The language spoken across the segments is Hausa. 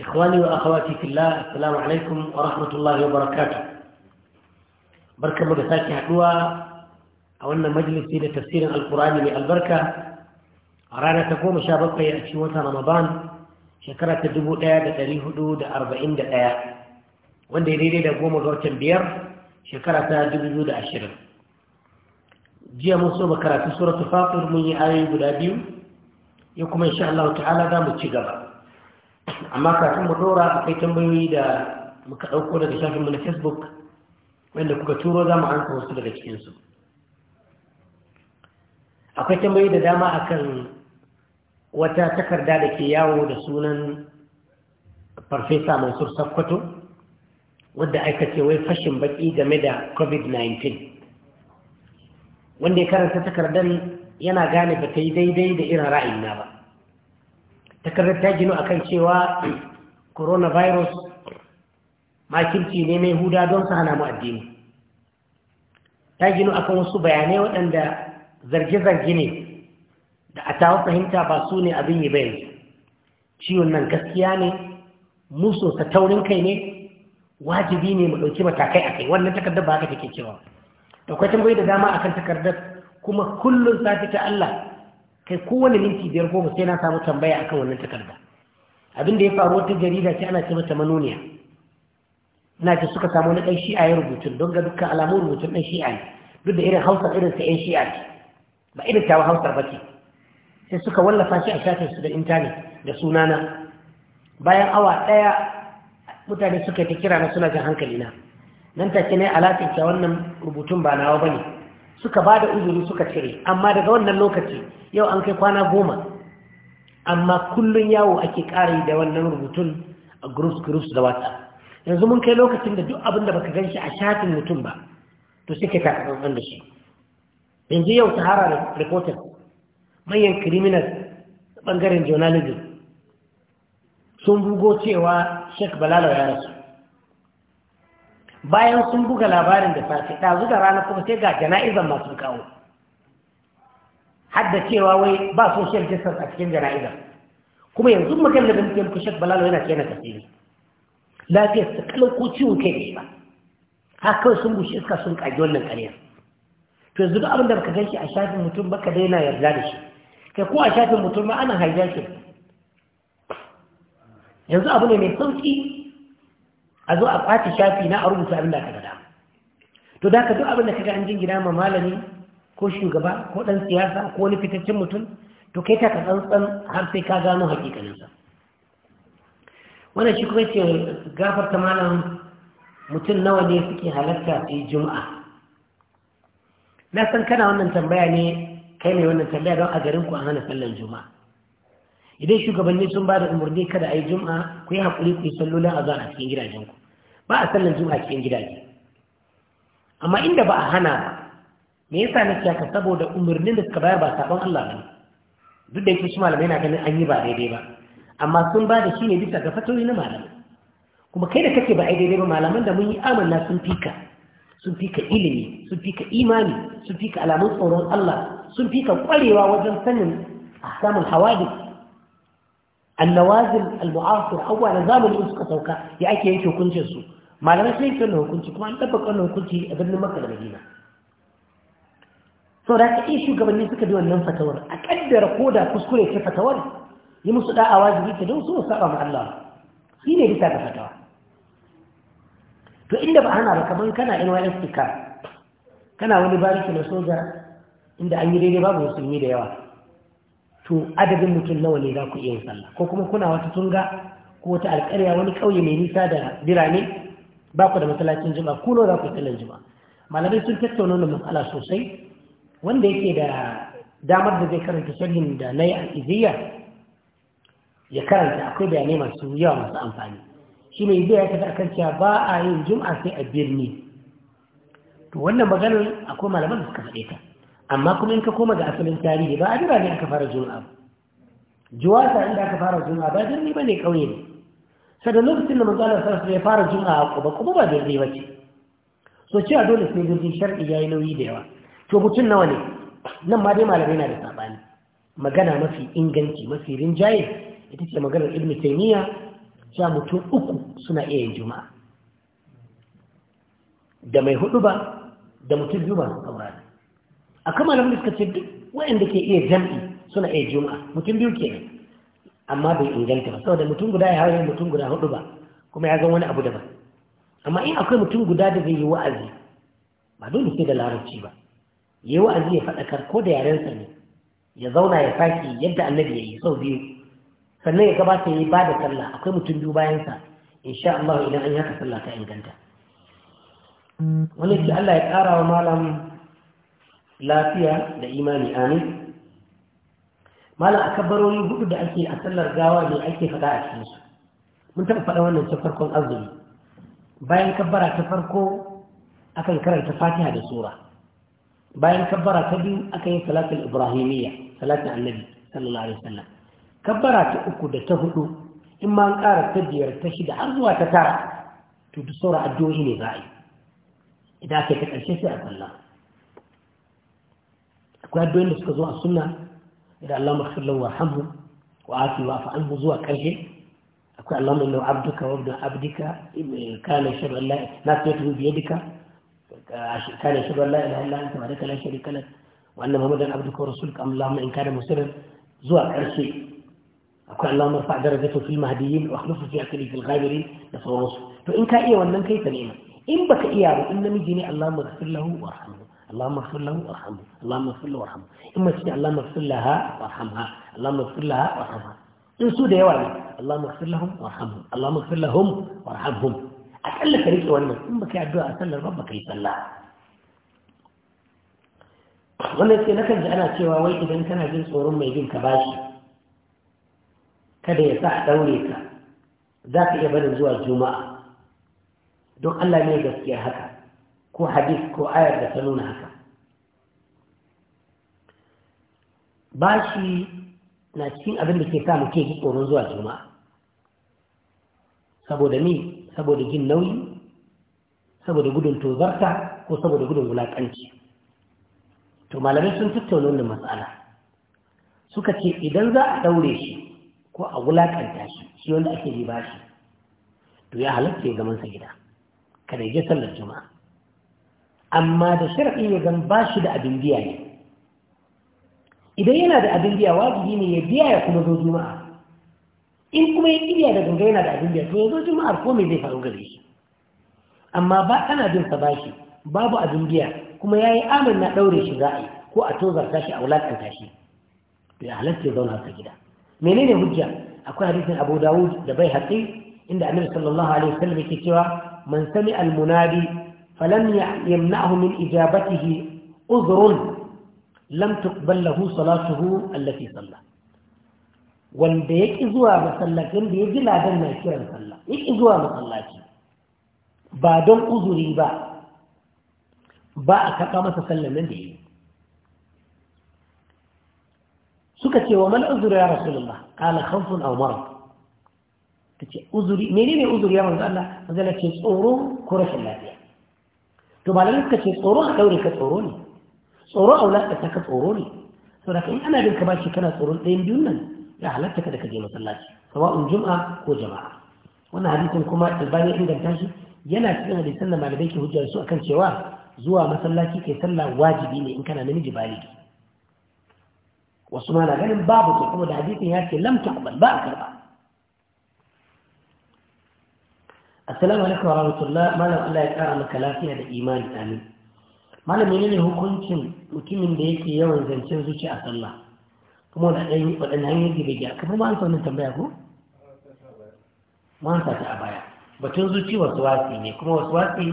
إخواني وأخواتي في الله السلام عليكم ورحمة الله وبركاته بركة مدساكي حدوى أولنا مجلسي لتفسير القرآن من البركة أرانا تقوم شابقة يأتي رمضان شكرة تدبو آية تاريخ دود أربعين دقايا wanda ya daidai da goma ga watan biyar shekara ta dubu da ashirin jiya mun so makaratu suratu fatir mun yi ayoyi guda biyu ya kuma insha Allah ta'ala za mu ci gaba amma kafin mu dora akwai tambayoyi da muka ɗauko daga shafinmu na facebook wanda kuka turo za mu ansa wasu daga cikinsu akwai tambayoyi da dama akan wata takarda da ke yawo da sunan farfesa mansur sakkwato wadda aika ce wai fashin baki game da covid-19 wanda ya karanta takardar yana gane ba ta yi daidai da irin ra'ayi na ba takardar ta gino akan cewa coronavirus makirci ne mai huda don su hana mu addini ta gino akan wasu bayanai waɗanda zarge-zarge ne da a tawo fahimta ba su ne abin yi bayan ciwon nan gaskiya ne musu ta taurin kai ne wajibi ne mu ɗauki matakai a kai wannan takardar ba haka take cewa da kwatin bai da dama akan takardar kuma kullum safi ta Allah kai kowane minti biyar goma sai na samu tambaya akan wannan takarda abin da ya faru wata jarida ce ana ce mata manoniya ina ce suka samu wani ɗan shi'a ya rubutun don ga dukkan alamun rubutu ɗan shi'a ne duk da irin hausa irin sa 'yan shi'a ce ba irin tawa hausar ba ce sai suka wallafa shi a shafin su da intanet da sunana bayan awa ɗaya mutane suka yi ta kira na suna jan hankali na nan take ne alaƙin ta wannan rubutun ba nawa ba ne suka ba da uzuri suka cire amma daga wannan lokaci yau an kai kwana goma amma kullum yawo ake ƙari da wannan rubutun a groups groups da wata yanzu mun kai lokacin da duk abin da baka gan shi a shafin mutum ba to sai ka taka da shi yanzu yau sahara reporter manyan criminal bangaren journalism sun bugo cewa sheikh balala ya rasu bayan sun buga labarin da safe ɗazu da rana kuma sai ga jana'izan masu kawo hadda cewa wai ba social distance a cikin jana'izan kuma yanzu magana da muke shek balalo yana ce na tasiri lafiyar ta kalko ko ciwon kai ne ba har sun bushe iska sun kage wannan ƙaryar to yanzu abin da baka ganshi a shafin mutum baka daina yarda da shi kai ko a shafin mutum ma ana hijacking yanzu abu ne mai sauki a zo a ƙwace shafi na a rubuta abin da aka gada to da ka zo abin da ga an jingina ma malami ko shugaba ko ɗan siyasa ko wani fitaccen mutum to kai ta ka tsantsan har sai ka gano hakikaninsa wannan shi kuma ce ta malam mutum nawa ne suke halarta a yi juma'a na san kana wannan tambaya ne kai mai wannan tambaya don a garin ku an hana sallan juma'a idan shugabanni sun ba da umarni kada a yi juma'a ku yi haƙuri ku yi sallolin a a cikin gidajen ku. ba a sallan juma'a cikin gidaje amma inda ba a hana ba me yasa na ka saboda umarnin da suka bayar ba sabon Allah ba duk da yake shi malamai na ganin an yi ba daidai ba amma sun ba da shi ne bisa ga fatoyi na malamai kuma kai da kake ba a daidai ba malaman da mun yi amanna sun fika sun fika ilimi sun fika imani sun fika alamun tsoron Allah sun fika kwarewa wajen sanin a samun hawadis annawazil al-mu'asir awwal zamanin suka sauka ya ake yanke hukuncin su malamai sai yanke hukunci kuma an tabbaka wannan hukunci a birnin Makka da Madina so da ka shugabanni suka bi wannan fatawar a kaddara ko da kuskure ce fatawar yi musu da'a wajibi ta don su saba ma Allah shine ne bisa ga fatawa to inda ba ana ba kaman kana NYSC ka kana wani bariki na soja inda an yi daidai babu musulmi da yawa to adadin mutum nawa ne za ku iya yin sallah ko kuma kuna wata tunga ko wata alƙarya wani ƙauye mai nisa da birane ba ku da masallacin juma'a ku nawa za ku yi sallar malamai sun tattauna wannan mas'ala sosai wanda yake da damar da zai karanta sharhin da na yi al'iziyya ya karanta akwai bayanai masu yawa masu amfani shi ne zai ya tafi akan cewa ba a yin juma'a sai a birni to wannan maganar akwai malaman da suka faɗe ta amma kuma in ka koma ga asalin tarihi ba a jira ne aka fara juma'a ba juwasa inda aka fara juma'a ba jirni ba ne ƙauye ne sada lokacin da manzala sarrafa ya fara juma'a a kuma kuma ba jirni ba ce so cewa dole sai jirgin shar'i ya yi nauyi da yawa to mutum nawa ne nan ma dai malamai na da saɓani magana mafi inganci mafi rinjaye ita ce maganar ibn taimiyya, cewa mutum uku suna iya yin juma'a da mai hudu ba da mutum biyu ba su saurari kama malamin suka ce duk wayanda ke iya jam'i suna iya jumaa mutum biyu ke amma bai inganta ba saboda mutum guda ya haure mutum guda hudu ba kuma ya zan wani abu daban amma in akwai mutum guda da zai yi wa'azi ba dole sai da larabci ba yi wa'azi ya faɗakar ko da yarensa ne ya zauna ya saki yadda annabi ya yi sau biyu sannan ya gabata ya yi ba da sallah akwai mutum biyu bayansa insha Allah idan an yi haka sallah ta inganta wani ce Allah ya ƙara wa malam lafiya da imani amin malam a kabbaroni hudu da ake a sallar gawa ne ake faɗa a cikin su mun taɓa faɗa wannan ta farkon azumi bayan kabbara ta farko akan karanta fatiha da sura bayan kabbara ta biyu akan yi salatul ibrahimiyya salatul annabi sallallahu alaihi wasallam kabbara ta uku da ta hudu in ma an ƙara ta biyar ta shida har zuwa ta tara to duk sauran addu'o'i ne za a yi idan aka yi sai a sallah akwai da suka zo a suna da Allah maghfirlahu warhamhu wa afi wa afa anhu zuwa karshe akwai Allah min abduka wa ibn abdika kana shar Allah na tayyibu bi yadika kana shar Allah wa abduka wa rasuluka Allahumma in kana musirran zuwa akwai Allah marfa darajatu fil mahdiyyin wa akhlifu fi akli fil ghabirin da sauransu to in ka iya wannan kai ta ne in baka iya ba in namiji ne Allah wa warhamhu اللهم اغفر له وارحمه اللهم اغفر له وارحمه اما تجي اللهم اغفر لها وارحمها اللهم اغفر لها وارحمها ان سود يا ولد اللهم اغفر لهم وارحمهم اللهم اغفر لهم وارحمهم اتقل فريق ولد ثم بك الدعاء اتقل ربك يتلا wannan sai na kan ji ana cewa wai idan kana jin tsoron mai jin ka bashi kada ya sa a daure ka za ka iya barin zuwa juma'a don allah ne gaskiya haka ko hadis ko ayar da ta nuna haka bashi na cikin abin da ke sa muke yi zuwa juma'a saboda ni saboda jin nauyi saboda gudun tozarta ko saboda gudun wulaƙanci to malamai sun tattauna wannan matsala suka ce idan za a daure shi ko a wulaƙanta shi shi wanda ake bi bashi to ya halatta ya gamansa gida kada ya je sallar juma'a amma da shar'i ya zan ba shi da abin biya ne idan yana da abin biya wajibi ne ya biya ya kuma zo juma'a in kuma ya iya da ganga yana da abin biya to ya zo juma'ar ko me zai faru gare shi amma ba ana bin sa bashi babu abin biya kuma ya yi amin na ɗaure shi za ko a tozar shi a wulakanta tashi to ya halatta ya zauna ka gida menene hujja akwai hadisin abu dawud da bai haƙi inda annabi sallallahu alaihi wasallam yake cewa man sami almunadi فلم يمنعه من إجابته عذر لم تقبل له صلاته التي صلى wanda ya ƙi zuwa masallacin da ya ji ladan na kiran sallah ya ƙi zuwa masallaci ba don uzuri ba ba a kaɓa masa sallan nan da ya yi suka ce wa man uzuri ya rasulullah kala khamsun aw marad tace uzuri menene uzuri ya manzo Allah manzo Allah ce tsoro ko rashin lafiya to malamai ce tsoro a daure ka tsoro ne tsoro a ta ka tsoro ne saboda in ana bin ka bashi kana tsoron ɗayan biyun nan ya halatta ka da ka je masallaci sawa'un jum'a ko jama'a wannan hadisin kuma albani inganta shi yana cikin hadisan da malamai ke hujjar su akan cewa zuwa masallaci kai sallah wajibi ne in kana namiji baligi wasu ma na ganin babu ke kuma da hadisin ya ce lamta taqbal ba a karba assalamu alaikum rahmatullah, malam Allah ya kara maka lafiya da imani amin malam menene hukuncin mutumin da yake yawan zancen zuci a sallah kuma da ɗan waɗanne hanyar da bai kuma ba an sa wannan tambaya ko ma an ta a baya batun zuci wasu wasi ne kuma wasu wasi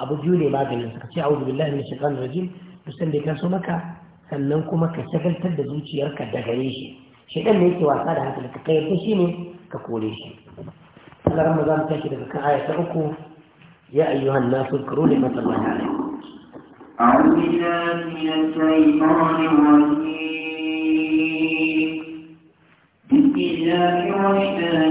abu biyu ne maganin suka ce a'udhu billahi minash shaitanir rajim dusan da ya taso maka sannan kuma ka shagaltar da zuciyarka da gare shi shaitan ne yake wasa da hankali ka kai shi ne ka kore shi الله رمضان تشهد في كآية أكو يا أيها الناس اذكروا نعمة الله عليكم أعوذ بالله من الشيطان الرجيم بسم الله الرحمن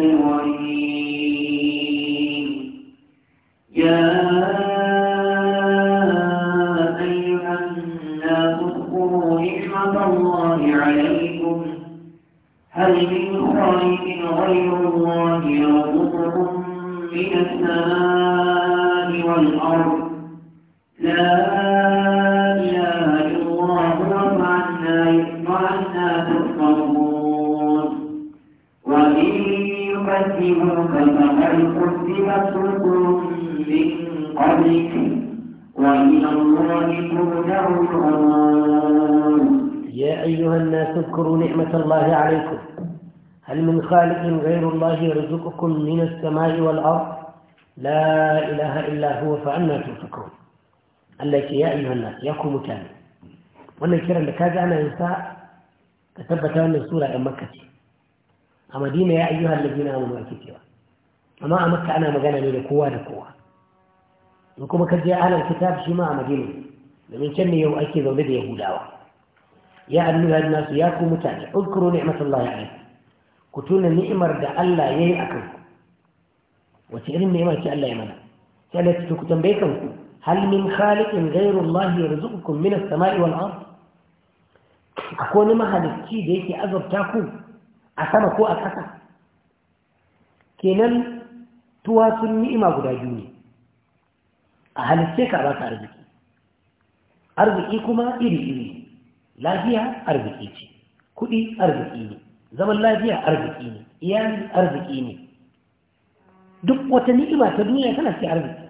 هل من خالق غير الله يرزقكم من السماء والأرض لا إله إلا هو فأنا تنفكون التي يا أيها الناس يكون مكان وانا كيرا لك هذا أنا إنساء تثبت أن السورة أم مكة أما دينا يا أيها الذين آمنوا أكتوا أما أمك أنا مغانا من القوة لقوة وكما كان جاء أهل الكتاب شما أما دين لمن كان يوم أكيد ولدي يهودا يا أبنى الناس يا كومتان اذكروا نعمة الله عليكم ku tuna ni'imar da Allah ya yi a kanku wace irin ni'ima ce Allah ya mana sai da ku tambaye ku hal min khaliqin ghayru Allah yarzuqukum min as-sama'i wal ard akwai wani mahalicci da yake azabta ku a sama ko a kasa? kenan tuwa sun ni'ima guda biyu ne a halicce ka ba ka arziki arziki kuma iri-iri lafiya arziki ce kuɗi arziki ne zaman lafiya arziki ne iyali arziki ne duk wata ni'ima ta duniya tana ce arziki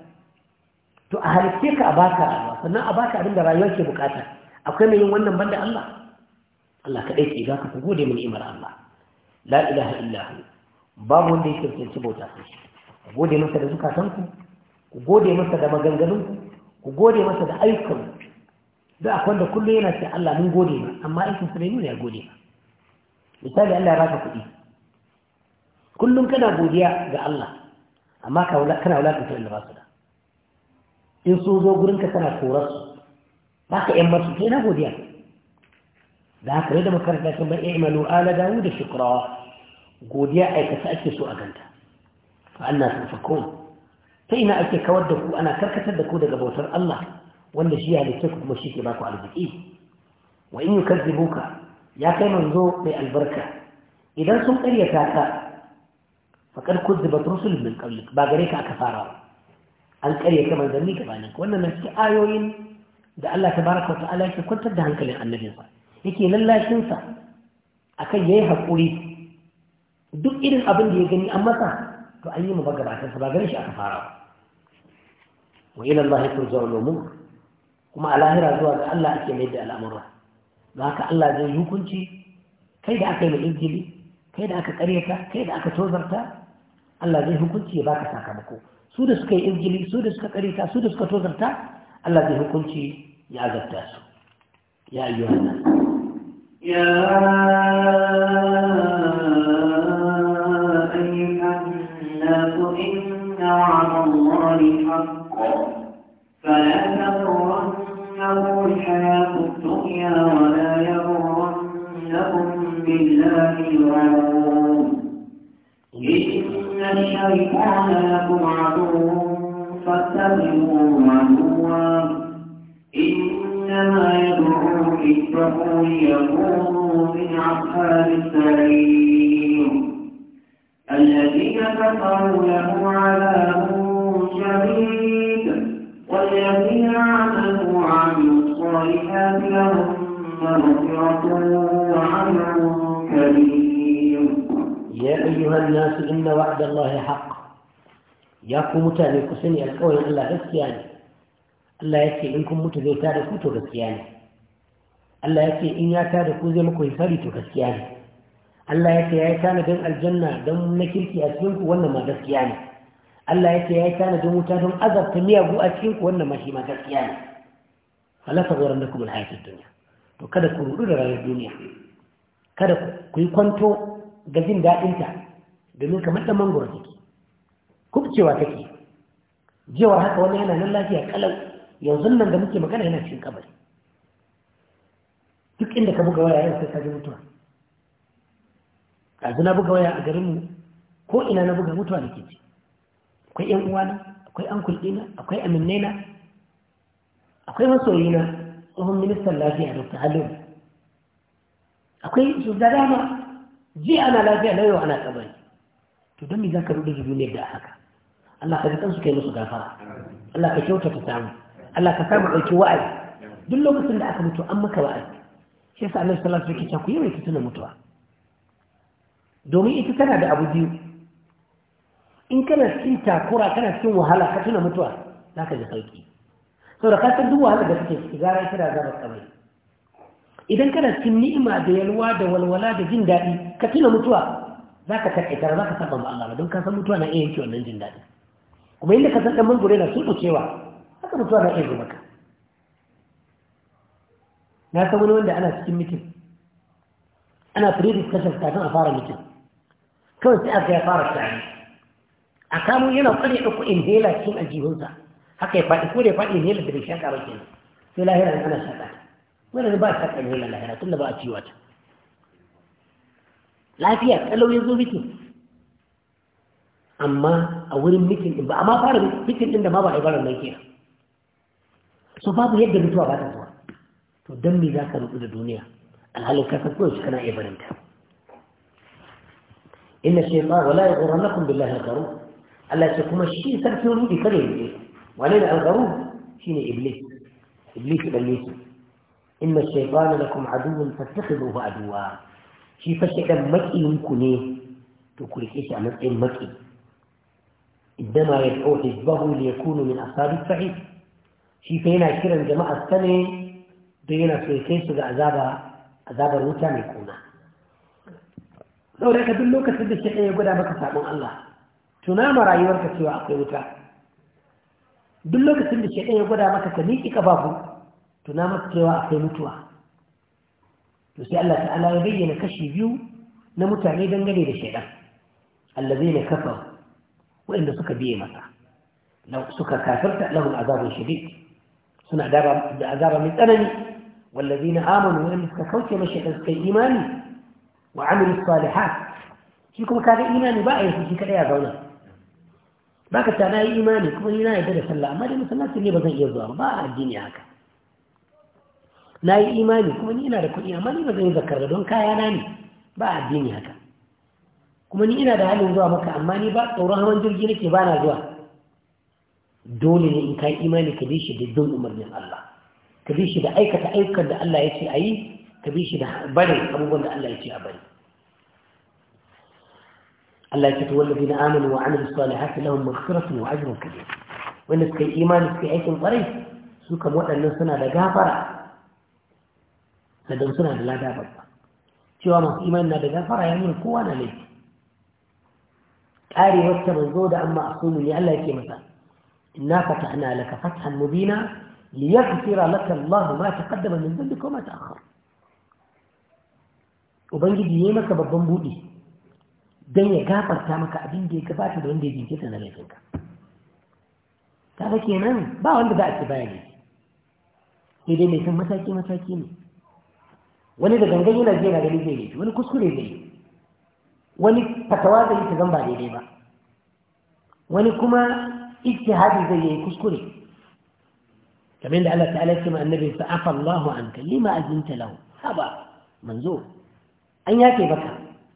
to a halitta ka a baka sannan a baka abin da rayuwa ke bukata akwai mai yin wannan banda Allah Allah kaɗai ke za ka gode mu ni'imar Allah la ilaha illa hu babu wanda yake cikin bauta sai shi ku gode masa da zukatanku ku gode masa da maganganun, ku gode masa da ayyukanku da akwai da kullum yana ce Allah mun gode ma amma aikin bai nuna ya gode ma. misali Allah ya baka kuɗi kullum kana godiya ga Allah amma kana wulakanta wanda ba su da in sun zo gurinka kana korar su ba ka ‘yan masu sai na godiya da haka ne da makaranta sun bai imalu ala dawo da shukurawa godiya aikata ake so a ganta fa Allah sun fa kowa ta ina ake kawar da ku ana karkatar da ku daga bautar Allah wanda shi ya halitta kuma shi ke baku arziki wa in yi kazzibuka ya kai manzo mai albarka idan sun karyata ka faƙar kuzzubat rusul min ƙauye. ba gare ka aka fara an karyata manzanni gabanin ka wannan na ayoyin da Allah ta wa ta'ala yake kwantar da hankalin annabinsa yake lallashin sa akan yayi hakuri duk irin abin da ya gani an masa to an yi mu magabatar sa ba gare shi aka fara wa ila Allah turja'ul umur kuma a lahira zuwa ga Allah ake mai da al'amura da haka Allah zai hukunci kai da aka yi injili kai da aka karyata kai da aka tozarta Allah zai hukunci ya baka sakamako su da suka yi injili su da suka karyata su da suka tozarta Allah zai hukunci ya azabta su ya ayyuhan ya فلا تجرمون إن الشيطان لكم عدو فاتبعوه عدوا إنما يدعو حزبه ليكونوا من أصحاب السعير الذين كفروا له عذاب شديد والذين عملوا عن الصالحات لهم مغفرة وعمل Yayyu hannu su inna wa'udin Allah ya haƙƙ, ya kuma mutane ku saniƴar ƙawai Allah gaskiya ne. Allah ya ce in kun mutu zai tare ku to gaskiya ne, Allah ya ce in yata da ku zai maku hifadetu gaskiya ne, Allah ya ce ya yi tanadin aljanna don na kirki a cikinku wannan ma gaskiya ne, Allah ya ce ya yi tanadin wuta don azabta miya ku a cikinku wannan ma shi ma gaskiya ne, ku na da rayuwa duniya. kada ku yi kwanto ga jin daɗinta domin kamar da mangoro take kubcewa take jewar haka wani yana nan lafiya kalau yanzu nan da muke magana yana cikin kabari duk inda ka buga waya yau sai ka ji mutuwa A na buga waya a garinmu ko ina na buga mutuwa da ke ci akwai ‘yan uwana akwai an kulɗina akwai aminaina akwai masoyina tsohon ministan lafiya dr halilu akwai su da dama ji ana lafiya na yau ana kabari to don me za ka rudu duniyar da haka Allah ka ji kansu kai musu gafara Allah ka kyautata samu Allah ka samu ɗauki wa'azi duk lokacin da aka mutu an maka wa'azi shi yasa Allah sallallahu alaihi wasallam yake ku yawaita tuna mutuwa domin ita tana da abu biyu in kana cikin takura kana cikin wahala ka tuna mutuwa za ka ji sauki saboda ka san duk wahala da kake ciki gara ita da zaba kamar idan kana cikin ni'ima da yalwa da walwala da jin daɗi ka tuna mutuwa za ka ita za ka saba ba Allah don ka san mutuwa na iya yanke wannan jin daɗi kuma inda ka san ɗan mangure na su cewa haka mutuwa na iya zo maka na san wani wanda ana cikin mitin ana free discussion kafin a fara mitin kawai sai aka ya fara tare a kamo yana kware ɗauko inhaler cikin aljihunsa haka ya faɗi ko da ya faɗi inhaler da bai shaƙa ba kenan sai lahira ana shaƙa wannan ba ta kallo na lahira da ba a ciwa ta lafiya kalau ya zo mitin amma a wurin mitin din ba amma fara mitin din da ma ba a ibarar nan ke so babu yadda mutuwa ba ta zuwa to dan me za ka rubu da duniya alhalin ka san kowace kana iya barin ta inna shaytan wala yughrannakum billahi al-gharur Allah ce kuma shi sarkin rudi kare ne wani da al-gharur shine iblis iblis iblis inna shaytana lakum aduwwun fattakhidhuhu aduwwa shi fa shedan makiyinku ne to ku rike shi a matsayin maki iddama yad'u hizbahu li yakunu min ashabi sa'id shi fa yana kiran jama'a sane da yana so ya kai su ga azabar wuta mai kuna saboda ka duk lokacin da shedan ya gwada maka sabon Allah tuna ma rayuwarka akwai wuta gwada maka kafafu tuna masa cewa akwai mutuwa to sai Allah ta'ala ya bayyana kashi biyu na mutane dangane da shaidan allazai ne kafa waɗanda suka biye masa suka kafarta lahun azabin shadid suna da azaba mai tsanani wallazi na amanu waɗanda suka kauce mashi da suka yi imani wa amiru salihat shi kuma kaga imani ba a yi shi kaɗai a zauna ba ka tana yi imani kuma ni na yadda da sallah amma dai masallaci ne ba zan iya zuwa ba a addini haka na yi imani kuma ni ina da kuɗi amma ni ba zan yi zakar da don kaya na ne ba addini haka kuma ni ina da halin zuwa maka amma ni ba tsoron hawan jirgi nake ba na zuwa dole ne in ka imani ka bi shi da bin umarnin Allah ka bi shi da aikata ayyukan da Allah ya ce a yi ka bi shi da barin abubuwan da Allah ya ce a bari Allah ya ce wallafi na amanu wa amilu salihati lahum maghfiratun wa ajrun kabir wanda suka yi imani suka yi aikin kwarai su kam waɗannan suna da gafara na don suna da lada babba cewa masu imani na da gafara ya kowa na laifi ƙare wacce zo da amma a sunu ne Allah yake masa na ka ta'ana laka fathan mubina liyaghfira laka Allah ma taqaddama min dhanbika wa ma ta'akhkhara ubangiji yayi maka babban buɗe don ya gafarta maka abin da ya gabata da wanda ya jinkita na laifinka kaga kenan ba wanda za a ci bayani sai dai mai san mataki mataki ne wani da gangan yana zai na gani zai yi wani kuskure zai yi wani fatawa zai yi ta zan ba daidai ba wani kuma ijtihadi zai yi kuskure kamar da Allah ta'ala ce ma annabi sa afa Allahu anka lima azinta lahu haba manzo an yake baka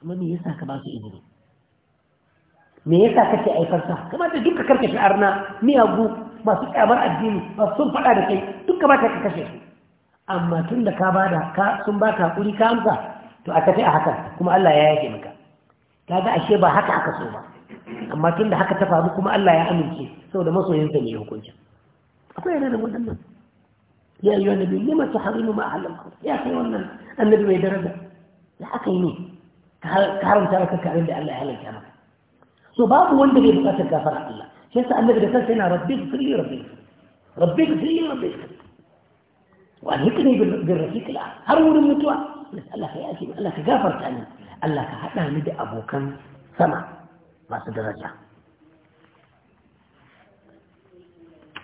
amma me yasa ka ba su izini me yasa kake aikar sa kamar da duka karkashin arna miyagu masu kyamar addini masu sun fada da kai duka ba ka kashe su amma tun da ka bada ka sun ba ka kuri ka amsa to aka fi a haka kuma Allah ya yake maka Ta ga ashe ba haka aka so ba amma tun da haka ta faru kuma Allah ya amince saboda masoyinsa ne hukunci akwai yana da waɗannan ya yi wani bin lima su harimu ma ahallan ya kai wannan annabi mai daraja ya aka yi ne ka haramta maka karin da Allah ya halatta maka so babu wanda bai bukatar gafara Allah shi yasa annabi da kansa yana rabbi fili rabbi rabbi firli rabbi firli وألهكني بالرفيق الآن هرور المتوى الله يأتي الله كغافر تاني الله كهذا لدى أبو كان سمع ما سدرجة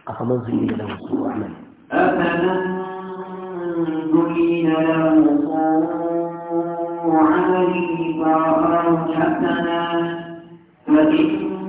أفمن زين له سوء عمل أفمن زين له سوء عمله فرآه حسنا فإن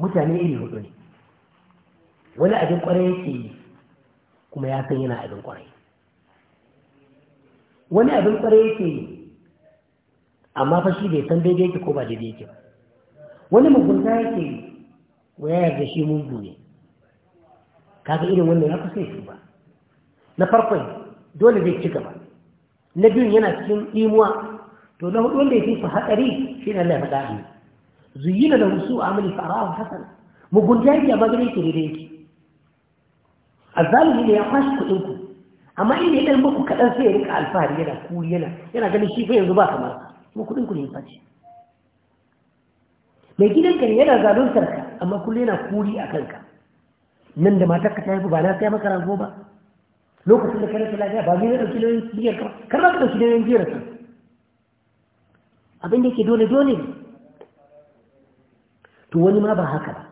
mutane iri hudu ne wani abin kwarai yake yi kuma ya san yana abin kwarai wani abin kwarai yake yi amma fa shi bai san daidai yake ko ba daidai yake ba wani mugunta yake yi wa ya yarda shi mugu ne kaga irin wannan ya kusa ya ba na farkon dole zai ci gaba na biyun yana cikin imuwa to na hudu wanda ya fi hatsari shi ne Allah ya faɗa zuyina da musu amali fa'arahu hasana mugunta yake amma gare yake daidai yake azzalimi ne ya kwashi kuɗin ku amma inda ya dan muku kaɗan sai ya rika alfahari yana kuri yana yana ganin shi fa yanzu ba kamar kuma kuɗin ku ne ya face mai gidanka ne yana zaluntar ka amma kullum yana kuri a kanka nan da matar ka ta yi ba na sai maka rago ba lokacin da kare ta lafiya ba zai ɗauki lauyin biyar ka ba, kar ba ka ɗauki lauyin biyar ka abin da ke dole dole ne to wani ma ba haka ba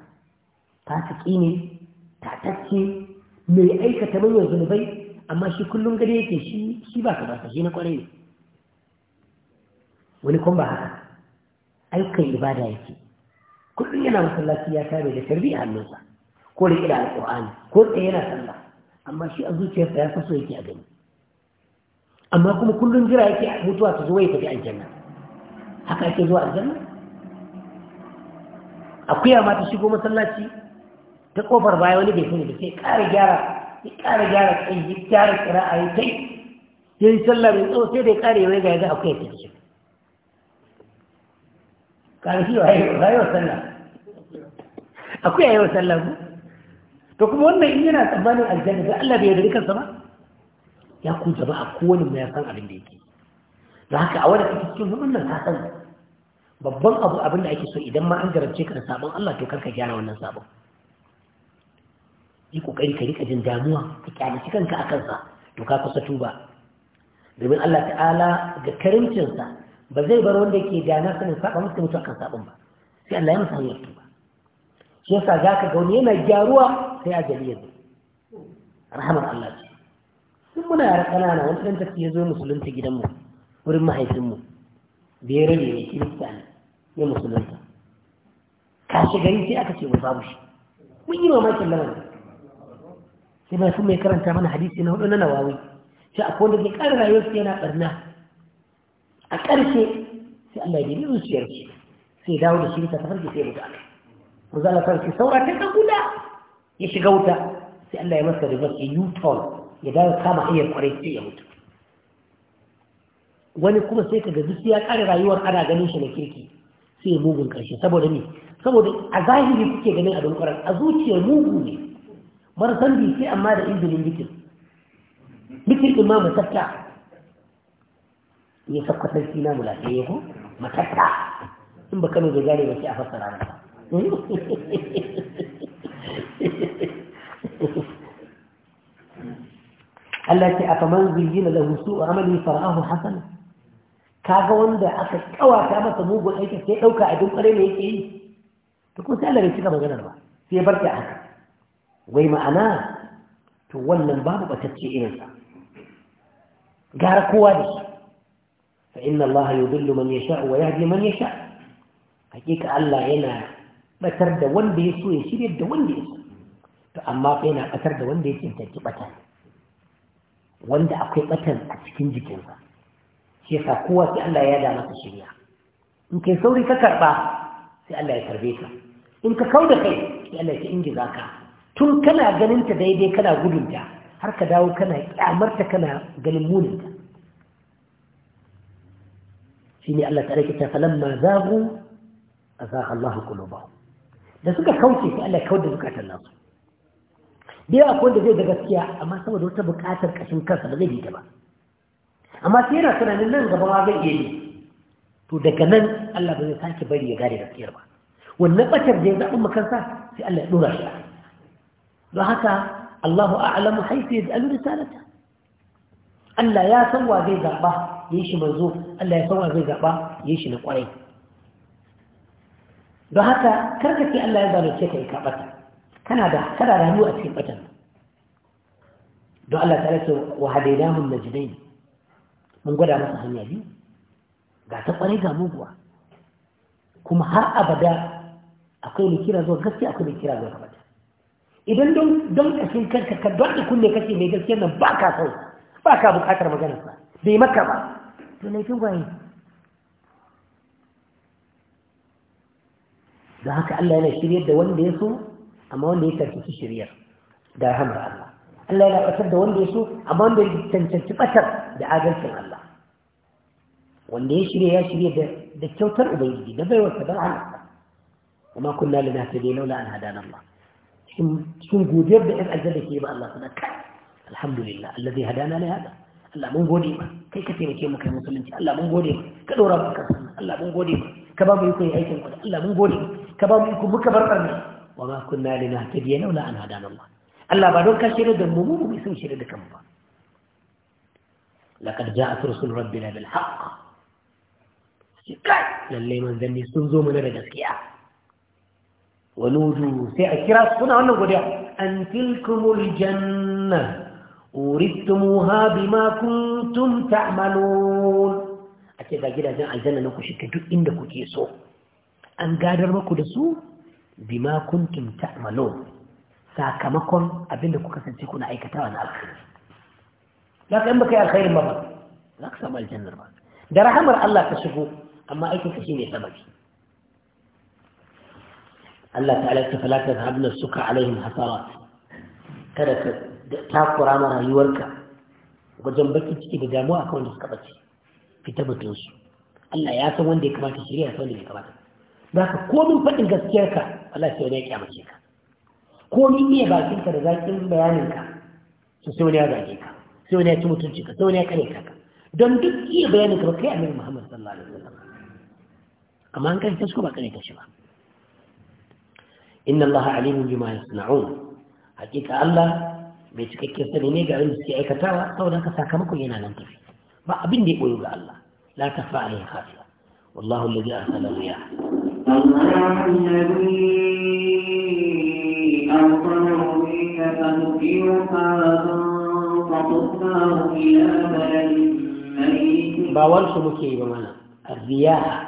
fasiki ne tatacce mai aikata manyan zunubai amma shi kullum gare yake shi shi ba kamata shi na kwarai ne wani kuma ba haka ayyukan ibada yake kullum yana masallaci ya kare da tarbi a hannunsa ko da kira alƙur'ani ko da yana sallah amma shi a zuciyarsa ya faso yake a gani amma kuma kullum jira yake mutuwa ta zuwa ya tafi aljanna haka ake zuwa aljanna akuya ma ta shigo masallaci ta kofar baya wani bai sani da sai ƙara gyara ya ƙara gyara kai ya gyara kira a yi kai ya yi sallah mai tsawo sai da ya ƙare wai ga yaga akuya ta shi ƙarfi wa yawa sallah akuya yawa sallah ku to kuma wannan in yana tsammanin aljanna sai Allah bai yarda kansa ba ya ku a kowane mai san abin da yake da haka a wani cikin wannan ta sani babban abu abin da ake so idan ma an garance ka da sabon Allah to karka gyara wannan sabon yi kokari ka rika jin damuwa ka kyalaci kanka a kansa to ka kusa tuba domin Allah ta'ala ga karimcinsa ba zai bar wanda yake da na sanin sabon mutum mutu kan sabon ba sai Allah ya masa hanyar tuba shi yasa zaka ga wani yana gyaruwa sai a ya zo rahamar Allah ce sun muna yara kanana wani ɗan tafiye ya zo musulunta gidanmu wurin mahaifinmu da ya rage ne kirista ne ne musulunta kashi gari sai aka ce mu babu shi mun yi mamakin lamarin sai ba sun mai karanta mana hadisi na hudu na nawawi sai a kowanne ke ƙara rayuwar su yana ɓarna a ƙarshe sai Allah ya yi zuciyar shi sai dawo da shi ta da sai mutu akai mu zala sarki saura ta kula, ya shiga wuta sai Allah ya masa ribar ya yuton ya dawo kama hanyar kwarai sai ya mutu wani kuma sai ka ga zuciya ƙara rayuwar ana ganin shi na kirki sai ya mugun ƙarshe saboda ne saboda a zahiri suke ganin abin ƙwarar a zuciyar mugu ne marasan bi sai amma da izinin bikin bikin ɗin ma matakka ya sarki na mu ya ko matakka in ba kano gajare gane ba sai a fassara ba Allah ce a kamar zirgin da lahusu a amalin fara'ahu hasana kaga wanda aka kawata masa mugun aikin sai ɗauka a dunkare ne yake yi to kuma sai bai cika maganar ba sai bar ta haka wai ma'ana to wannan babu batacce irinsa gara kowa da shi fa inna Allah yudillu man yasha wa yahdi man yasha hakika Allah yana batar da wanda ya so ya shirye da wanda ya so to amma fa yana batar da wanda ya cancanci bata wanda akwai batan a cikin jikinsa ke sa kowa sai Allah ya da maka shiriya in kai sauri ka karba sai Allah ya karbe ka in ka kauda kai sai Allah ya inji zaka tun kana ganin ta daidai kana gudun ta har ka dawo kana kyamarta kana ganin munin muninta shine Allah ta rike ta falamma zagu azaha Allah qulubahum da suka kauce sai Allah ya kauda zukatan nasu biya akwai ko da zai da gaskiya amma saboda wata bukatar kashin kansa ba zai yi ta ba amma sai yana tunanin nan gaba ma zai iya yi to daga nan Allah ba zai sake bari ya gane gaskiyar ba wannan bacar da ya zaɓi makansa sai Allah ya ɗora shi don haka Allahu a'lamu haifu ya zaɓi risalata Allah ya san wa zai zaɓa ya yi shi manzo Allah ya san wa zai zaɓa ya yi shi na ƙwarai don haka karkace Allah ya zalunce ka yi kaɓata kana da kana rayuwa a cikin ɓatan don Allah ta rasa wa hadaidamun najdain An gwada masa hanya biyu ga ta kwarai ga muguwa kuma har abada akwai mai kira zuwa gaskiya akwai mai kira zuwa gabata idan don kashin karka ka don da kunne kace mai gaskiya nan ba ka sau ba ka bukatar maganar sa bai maka ba to laifin gwaye Da haka Allah yana shiryar da wanda ya so amma wanda ya tarfi shiryar da rahamar Allah Allah yana ɓatar da wanda ya so amma wanda ya cancanci ɓatar da adalcin Allah واللي يشري يشري دكتور أبي يجي دبي وسبع على وما كنا لنهتدي لولا أن هدانا الله شم شم جودي أجل كي بقى الله سبحانه الحمد لله الذي هدانا لهذا الله من جودي ما كي كثير كي مكان مسلم الله من جودي ما كل ربك الله من جودي ما كباب يكون أي شيء الله من جودي ما كباب يكون مكبر أمي وما كنا لنهتدي لولا أن هدانا الله الله بعد كشير دم مو بيسوي شير دكمة لقد جاءت رسل ربنا بالحق ce kai lalle manzanni sun zo mana da gaskiya Wani wanudu sai a kira suna wannan godiya an tilkumul janna uridtumuha bima kuntum ta'malun a ce ga gidajen aljanna na ku shika duk inda kuke so an gadar maku da su bima kuntum ta'malun sakamakon abinda kuka sance kuna aikatawa na alkhairi ka in baka yi alkhairin ba ba za ka samu aljannar ba da rahamar Allah ka shigo amma aikin ka ne sababi Allah ta'ala ta fala ta zahabna suka alaihim hasara. kada ka takura ma rayuwarka wajen baki ciki da damuwa akan wanda suka bace fita batun su Allah ya san wanda ya kamata shirya san wanda ya kamata za ka komin faɗin gaskiyarka Allah sai wani ya kyamace ka komin iya bakinka da zaƙin bayaninka su sai wani ya zage ka sai wani ya ci mutunci ka sai wani ya kare ka don duk iya bayaninka ba kai annabi Muhammad sallallahu alaihi wasallam أما كيف يفسكوا بأكني كشبا إن الله عليم بما يصنعون حقيقة الله بيتك كيف كيفتني قال المسيئة كتاوة طولا كساكا مكو ينا ننتفي ما أبين دي قولوا الله لا تخفى عليه خافية والله الذي أرسل الرياح الله الذي باول سمكي بمعنى الرياح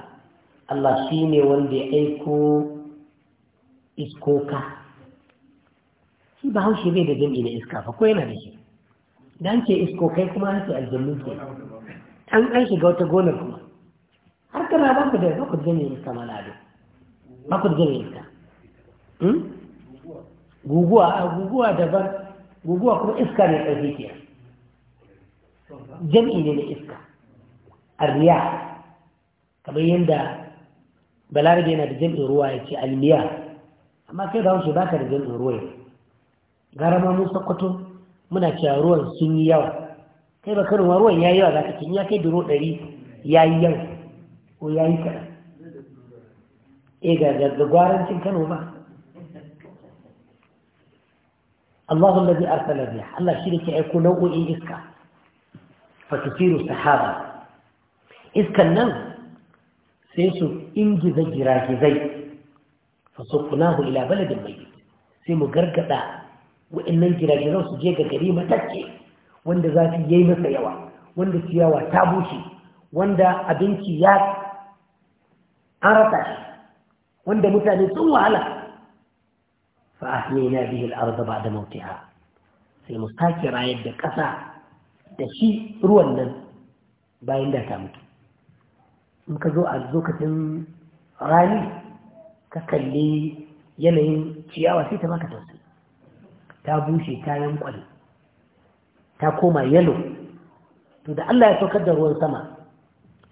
Allah shi ne wanda ya aiko iskoka shi ba haushe bai da jami'i na iska fa ko yana da shi dan ce iskokai kuma an ce aljannu ke an an shiga wata gonar kuma har kana ba ku da ba ku jami'i iska malado ba ku jami'i iska hmm? guguwa a guguwa daban guguwa kuma iska ne ƙarfi ke jami'i ne na iska a riya kamar yadda balarabe yana da jami'in ruwa ya ce almiya amma kai ba wuce baka ka da jami'in ruwa ya gara ma mun sakwato muna cewa ruwan sun yi yawa kai ba karin ruwan ya yi yawa za ka ce ya kai duro ɗari ya yi yawa ko ya yi kaɗan e ga gaggwarancin kano ba biya. Allah أرسل shi الله شرك aiko nau'o'in iska. Fasifiru sahaba. Iskan nan. sai su ingiza giragizai fasukunahu ila baladin mai sai mu gargada wa'annan giragizan su je ga gari matacce wanda zafi yi masa yawa wanda ciyawa ta bushe wanda abinci ya arata shi wanda mutane sun wahala fa ahyayna bihi da ardh da mawtiha sai mu sake rayar da ƙasa, da shi ruwan nan bayan da ta mutu in ka zo a lokacin rani ka kalli yanayin ciyawa sai ta baka tausayi ta bushe ta yankwale ta koma yalo to da Allah ya saukar da ruwan sama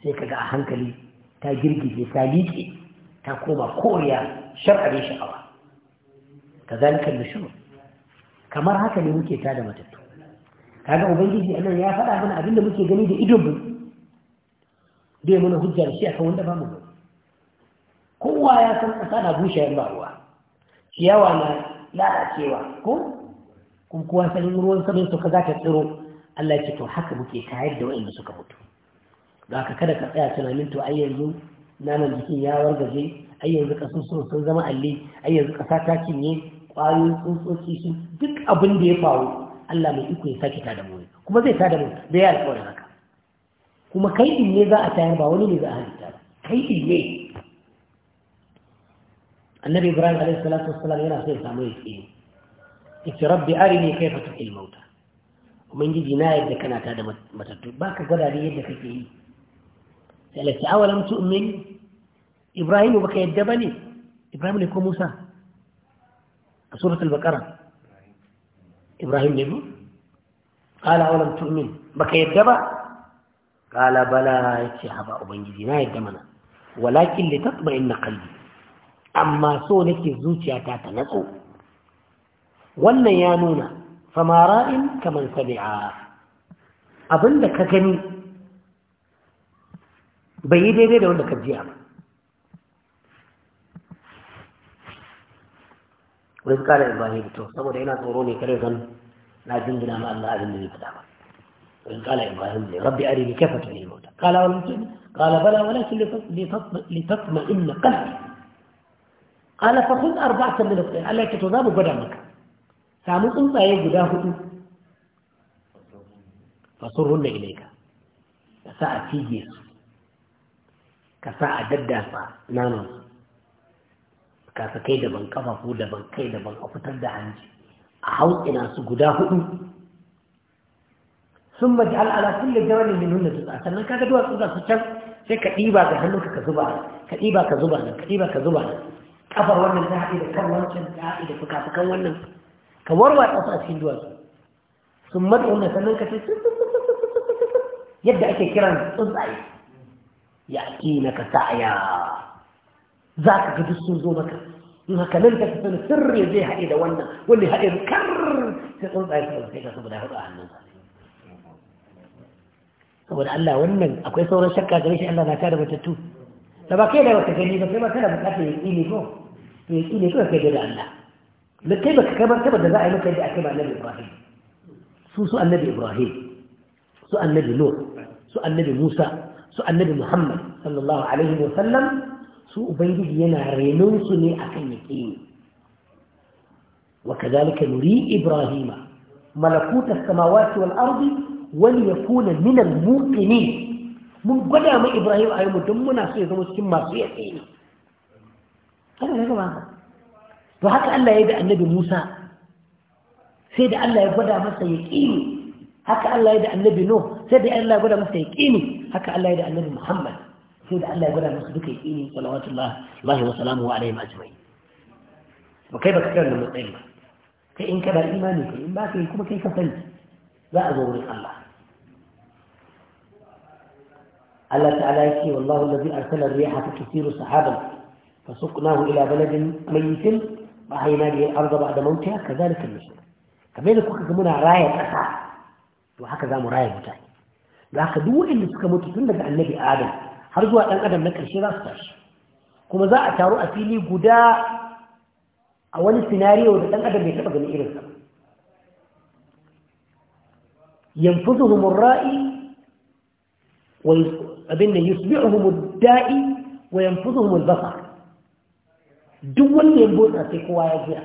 sai kaga a hankali ta girgije ta liƙe ta koma koriya shar'arin sha'awa ka zalikan nushur kamar haka ne muke tada matattu kaga ubangiji anan ya faɗa mana abinda muke gani da idon bai muna hujja da shi a kan wanda ba mu kowa ya san ƙasa na bushe yan ruwa ciyawa na lalacewa ko kuma kowa sanin ruwan sabon suka za ta tsiro Allah ya ce to haka muke kayar da waɗanda suka mutu ga ka kada ka tsaya tunanin to ai yanzu naman jikin ya wargaje ai yanzu ƙasar sun zama alli ai yanzu ƙasa ta cinye ƙwayoyin tsutsotsi sun duk abin da ya faru Allah mai iko ya sake tada mu kuma zai tada mu da ya alƙawarin haka كما كي إني ذا أتاهر باولي لذا أهل التاب كي إني النبي إبراهيم عليه الصلاة والسلام يرى سيد سامويل فيه إنت ربي أرني كيف تحيي الموتى ومن جي جناية كان أتاهر متتوب باك قد أدي يدك فيه سألت أولا تؤمن إبراهيم وبك يدبني إبراهيم لكم موسى سورة البقرة إبراهيم لكم قال أولا تؤمن بك يدبني kala bala ya ce haba ubangiji na yadda mana walakin li tatma inna qalbi amma so nake zuciyata ta natsu wannan ya nuna famara'in kaman sabi'a abinda ka gani bai yi daidai da wanda ka jiya ba wai kara ibrahim to saboda yana tsoro ne kare zan na jingina ma Allah abin da ya fada ba إذ قال إبراهيم ربي أرني كيف تحيي الموتى قال ولم تؤمن قال بلى ولكن لتطمئن قلبي قال فخذ أربعة من الطير قال لك تذاب قدامك سامو تنطعي قداه فصرهن إليك كساء تيجيس كساء ددافا نانو كاسا كي دبن كفافو دبن كي دبن أفتر دعنج أحوط إناس قداه ثم اجعل على كل جوانب منهن جزءا سنن كذا دوا قضا سكن سيك ديبا كهلوك كذبا كديبا كذبا كديبا كذبا كفر ومن ذا الى كان وان جاء الى فكا فكان وان كور وا قصا سين دوا ثم ان سنن كتي يبدا اكي كران قضاي يا اكينك سعيا ذاك قدس زوبك إنها كملت في السر يزيها إذا وانا واللي هاي الكر في قلبها يفضل فيها سبلا هدوء عن نظر saboda Allah wannan akwai sauran shakka gare shi Allah na kada matattu da ba kai da baka gani ba kai ba kana bukatar ya ƙi ne ko to ya ƙi ne kai da Allah da kai baka kai ba? da za a yi maka da aka ba annabi Ibrahim su su annabi Ibrahim su annabi Nuh su annabi Musa su annabi Muhammad sallallahu alaihi wa sallam su ubangiji yana renon su ne akan yaqini wa kadhalika nuri Ibrahima malakuta samawati wal ardi wani ya kuna minan muƙini mun gwada mai ibrahim a yi don muna so ya zama cikin masu ya ne ana na gaba to haka allah ya yi da annabi musa sai da allah ya gwada masa ya ƙini haka allah ya da annabi no sai da allah ya gwada masa ya ƙini haka allah ya da annabi muhammad sai da allah ya gwada masa duka ya ƙini salawatullahi wa salamu wa alaihi ajma'in ba kai ba ka karanta matsayin ba kai in kana imani kai in ba kai kuma kai ka sani za a zo wurin Allah Allah ta'ala ya ce wallahu allazi arsala riyaha tusiru sahaban fasuqnahu ila baladin mayyitin wa hayna bihi al-ardha ba'da mawtiha kadhalika an-nushur kamar da kuka ga muna raya kasa to haka za mu raya mutane da haka duk wanda suka mutu tun daga annabi adam har zuwa dan adam na karshe za su tashi kuma za a taru a fili guda a wani sinariyo da dan adam bai taba ganin irin ba ينفذهم الرائي وابن يسبعهم الدائي وينفذهم البصر دول ينبوت أتكوا يجيع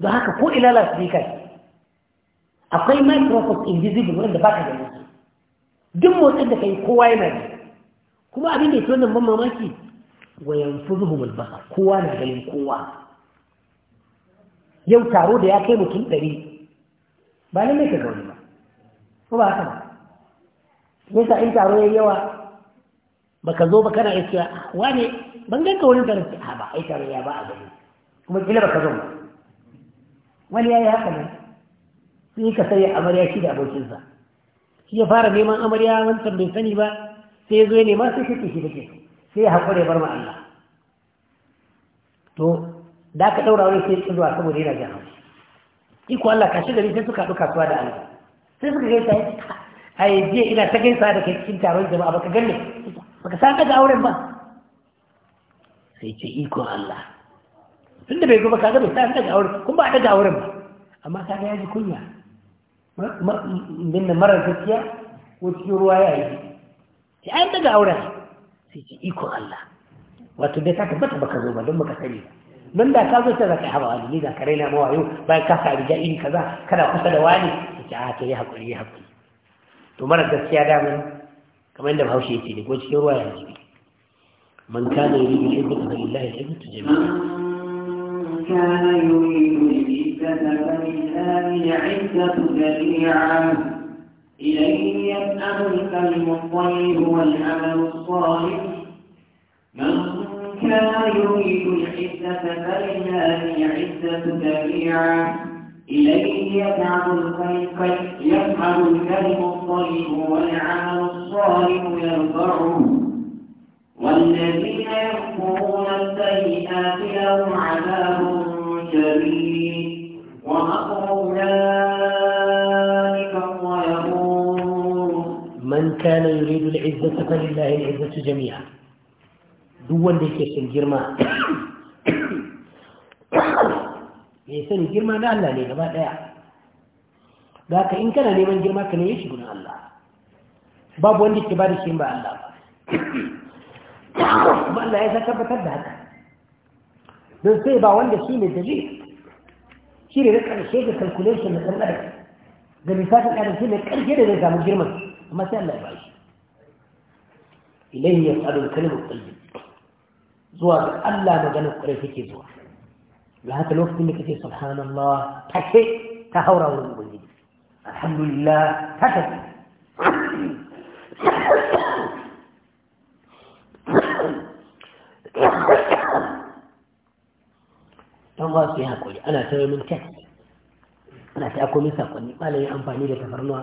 ده هكا كو إلى لا سبيكاي أقل مايكروفوس إنجيزيبل وإن ده باكا جميسي دموت إن ده كي كوا ينجي كما أبين يتوانا مما ماكي وينفذهم البصر قوانا نجلين قوانا يو تارو ده يا كي مكين تريد ba nan ne ka gauri ba ko ba haka ba yasa in taro yayi yawa Ba ka zo ba kana iske wane ban ganka wurin da nake a ba ai taro ya ba a gani kuma kila ka zo ba wani yi haka ne sai ka sai amarya shi da abokinsa shi ya fara neman amarya wancan bai sani ba sai ya zo ya nema sai shi take sai ya hakure bar ma Allah to da ka daura wani sai zuwa saboda yana jin haushi iko Allah ka gari sai suka haɗu kasuwa da Allah sai suka gaisa sai a je ina ta gaisa da kai cikin taron jama'a baka ganni baka san ka da auren ba sai ce iko Allah tunda bai gaba kaga bai san ka da auren kun ba da auren ba amma ka ga yaji kunya min marar gaskiya ko cikin ruwa ya yi sai an daga auren sai ce iko Allah wato bai ka tabbata baka zo ba don baka sani ba من ذا كان مثل ذاك حوالي لذا كرينا موايو بل كفع بجائين كذا كلا قصد واني اتعاك آه، يهك وليهك تمرا تسيا داما كما عندما هو شيء تيني قوة شيء رواية جميل من كان يريد الحبة فلله الحبة جميل من كان يريد الحبة فلله الحبة جميعا إليه يسأل الكلم الطيب والعمل الصالح من كان يريد العزة فلله العزة جميعا إليه يدعو الخلق يفعل الكلم الطيب والعمل الصالح يرفعه والذين يكفرون السيئات لهم عذاب شديد ومكر أولئك هو يقول من كان يريد العزة فلله العزة جميعا duk wanda yake son girma ya sani girma na Allah ne gaba daya ba ka in kana neman girma ka nemi shi gudun Allah babu wanda ke ba da shi ba Allah ba Allah ya zaka tabbatar da haka don sai ba wanda shi ne da shi ne na ƙarshe da calculation na ɗan ɗan da lissafin ɗan shi ne ƙarshe da zai samu girman amma sai Allah ya ba shi ilayhi ya tsaro kalmar ƙalbi زواج ألا مجنو قريتك زواج لهذا الوقت انك تجي سبحان الله تحكي تحورا ونبني الحمد لله تحكي تنظر فيها كوي أنا سوي من كهي أنا سأكو من ساقني ما لي أنفاني لتفرنوا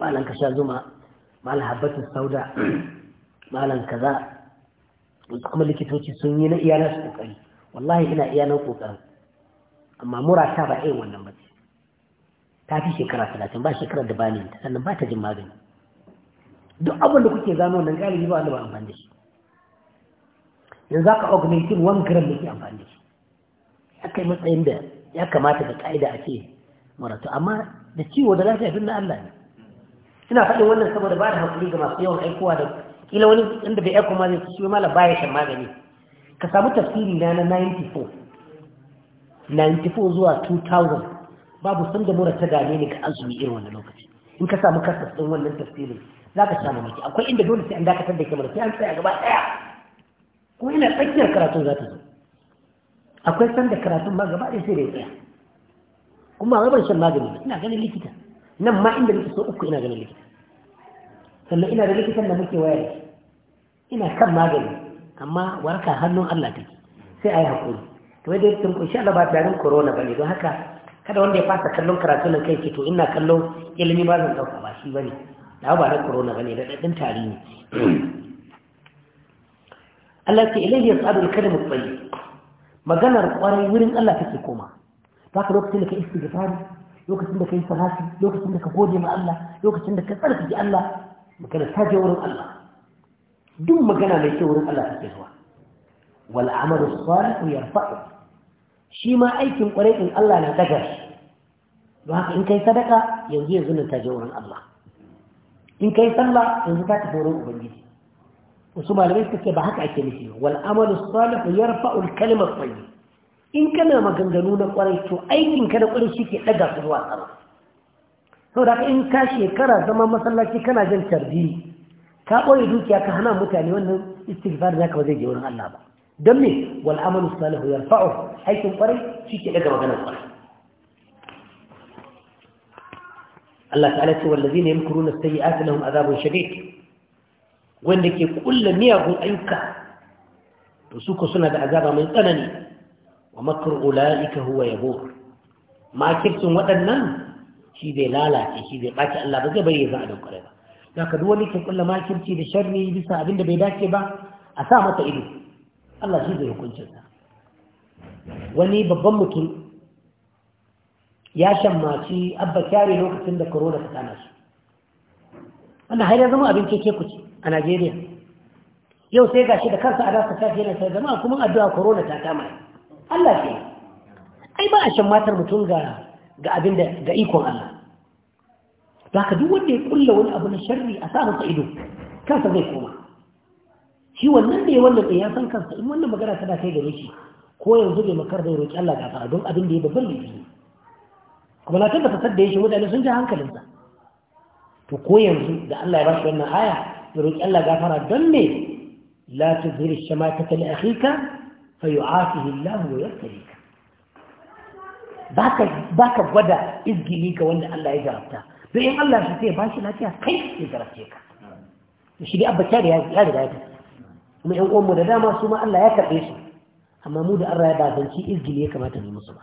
ما لنك شازوما ما لها بس السوداء ما لنك ذا kuma likitoci sun yi na iyalan su kokari wallahi ina iyalan kokarin amma mura ta ba irin wannan ba ta fi shekara talatin ba shekarar da ne ta sannan ba ta jin magani duk abin da kuke gano nan galibi ba wanda ba amfani da shi yanzu aka augmentin 1 gram da ke amfani da shi ya kai matsayin da ya kamata da ka'ida a ce to amma da ciwo da lafiya tun na Allah ne ina faɗin wannan saboda ba da haƙuri ga masu yawan aikowa da kila wani inda bai aiko ma zai ci shi mala baya shan magani ka samu tafsiri na na 94 94 zuwa 2000 babu sanda mura ta gane ne ka azumi irin wannan lokaci in ka samu kasas din wannan tafsirin za ka samu maki akwai inda dole sai an dakatar da kamar sai an tsaya gaba daya ko ina tsakiyar karatun za ta zo akwai sanda karatun ba gaba ɗaya sai da ya tsaya kuma rabar shan magani ina ganin likita nan ma inda nake so uku ina ganin likita sannan ina da likitan da muke waya ina kan magani amma waraka hannun Allah take sai a yi haƙuri to wai dai tunko insha Allah ba ta tarin corona ba ne don haka kada wanda ya fasa kallon karatu nan kai ce to ina kallon ilimi ba zan dauka ba shi ba ne da ba da corona ba da dadin tari ne Allah ce ilahi ya sabu kalimu tayyib maganar kwarai wurin Allah take koma baka lokacin da ka istighfar lokacin da ka yi salati lokacin da ka gode ma Allah lokacin da ka tsarkake Allah magana ta je wurin Allah duk magana mai kyau wurin Allah take zuwa wal amalu salihu yarfa'u shi ma aikin kwarai in Allah na daga shi don haka in kai sadaka yanzu yanzu nan ta je wurin Allah in kai sallah yanzu ta tafi wurin ubangiji wasu malamai suka ce ba haka ake nufi wal amalu salihu yarfa'u al kalimatu tayyib in kana maganganu na kwarai to aikin ka na kwarai shi ke daga su zuwa sama sau da in ka shekara zama masallaci kana jan tarbi ka ɓoye dukiya ka hana mutane wannan istighfar naka ba zai je wurin Allah ba don me wal amalu salihu yarfa'u aikin kwarai shi ke daga maganar kwarai Allah ta'ala ce wallazina yamkuruna sayyi'ati lahum adhabun shadid wanda ke kulla miyagun ayyuka to su ko suna da azaba mai tsanani wa makru ulaika huwa yabur makirtun waɗannan shi bai lalace shi bai ɓaci Allah ba zai bari ya zama dankare ba na ka duk wani ke kulla makirci da sharri bisa abin da bai dace ba a sa mata ido Allah shi zai hukuncin sa wani babban mutum ya shammaci abba kyare lokacin da korona ta tana shi wannan har ya zama abin keke kuce a Najeriya yau sai gashi da kansa a rasa tafi yana sai jama'a kuma addu'a korona ta kama Allah ke ai ba a shan matar mutum ga ga abin da ga ikon Allah ka duk wanda ya kulla wani abu na sharri a sa ido kansa zai koma shi wannan da ya wannan ya san kansa in wannan magana tana kai gare shi ko yanzu bai makar da roki Allah gafara don abin da ya babban laifi kuma na tabbata sadda ya shi mutane sun ji hankalinsa to ko yanzu da Allah ya ba shi wannan aya ya roki Allah gafara don me la tuzhir shamata li akhika fayu'afihi Allah wa yaftalik ba ka gwada izgili ga wanda Allah ya jarabta don in Allah shi sai ba shi lafiya kai ya jarabce ka to shi dai abba kyari ya riga ya tafi kuma ƴan uwanmu da dama su ma Allah ya karɓe su amma mu da Allah ya ba zanci izgili ya kamata mu musu ba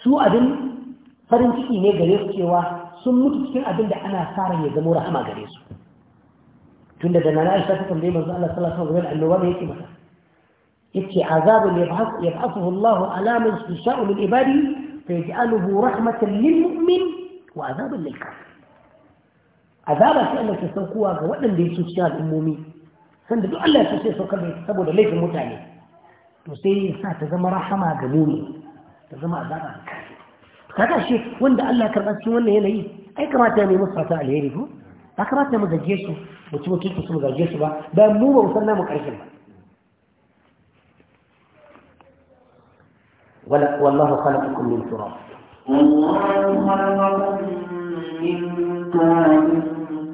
su abin farin ciki ne gare su cewa sun mutu cikin abin da ana fara ya zama rahama gare su Tunda da na Aisha ta tambaye manzo Allah sallallahu alaihi wa sallam da annoba ne yake masa يتي عذاب يبعث يبعثه الله على من يشاء من عباده فيجعله رحمة للمؤمن وعذابا للكافر عذابا سألنا تستوقوا وأنا دي الأمومي sanda duk Allah ya sai saukar da ita saboda laifin mutane to sai ya sa ta zama rahama ga muni ta zama azaba ga kafi kaga shi wanda Allah ya karɓa cikin wannan yanayi ai kamata ya nemi fata alheri ko ba kamata mu gaje su mu ci mutunci su gaje su ba bayan mu ba namu ƙarshen ba والله خلقكم من تراب والله خلقكم من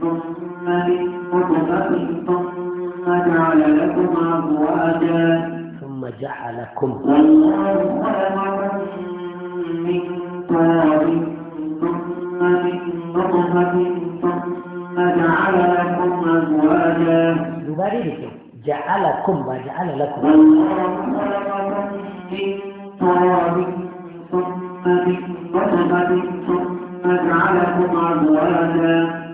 ثم جعل لكم ثم جعلكم والله خلقكم من جعل لكم جعلكم ما جعل لكم خلقكم من تراب ثم من نطفة ثم جعلكم أزواجا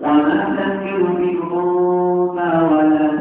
وما تنزل منهما ولا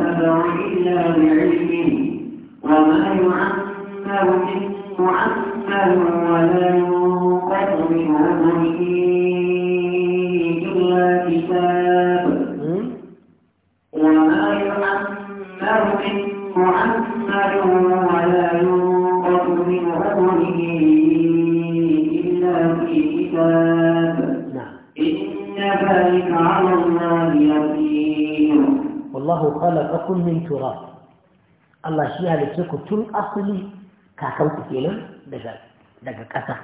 asali kakanku kenan daga daga ƙasa